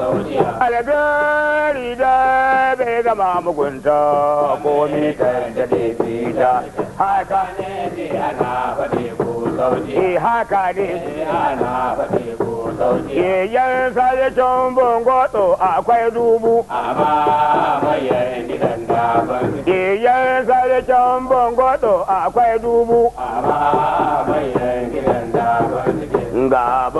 Aladori da bai gama mugunta ko mitar da dai fita. Haka ne ana faɗe ko sauti. Eh, haka ne Ne eh, ana faɗe ko Yayan bongo to akwai dubu. Amma mayan gidan daban. Yayan bongo to akwai dubu. Amma mayan gidan daban. Gaba.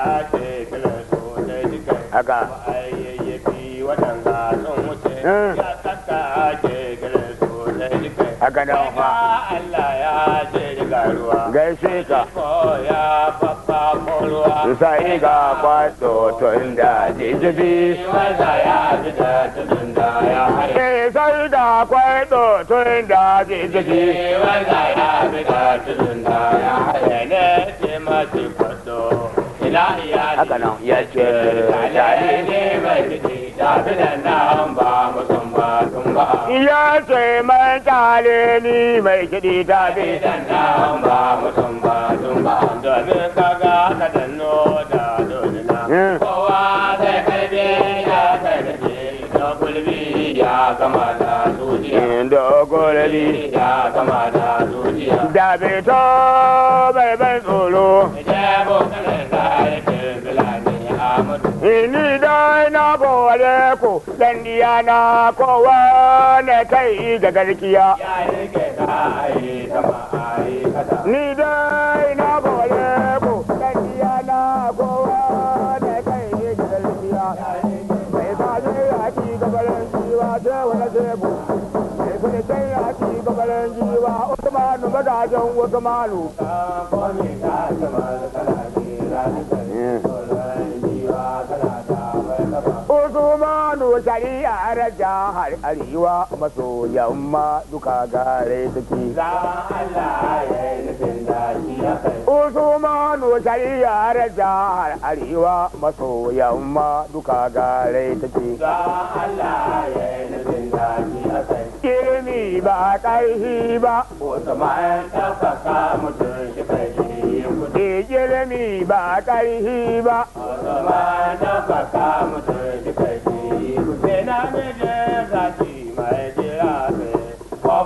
haka eh. haka da wafa Allah gaishe ka ya yi ga kwato tun da jijibi maza ya fita tun da ya da tun da jijibi ya fita tun da haka nan ya ce tare ne mai jiki tafinan nan ba mutum ba tun ba ya ce mai tare ni mai kiɗi tafinan nan ba mutum ba tun ba domin kaga na danno da donina kowa zai karbe ya karbe da kulbi ya kama hmm, da zuciya da kulbi ya kama da zuciya da bai to bai bai tsoro da bokalar da ya Ini da na gore ku dan diya na kowa ne kai ga garkiya. ya ai Ni da na gore ku dan diya na kowa ne kai ga garkiya. ya ai Mai zai yaki gabarin jiwa sai wani zebu. Mai kuma sai yaki gabarin jiwa Usmanu magajen Usmanu. gari a araja har arewa maso yamma duka gare suke. Za Allah ya nufin da shi ya kai. Usmanu gari a raja har arewa maso yamma duka gare suke. Za Allah ya nufin da shi ya kai. Ilimi ba ƙarfi ba. Usman ɗaukaka mutum shi kai. Ilimi ba ƙarfi ba. Usman ɗaukaka mutum shi kai.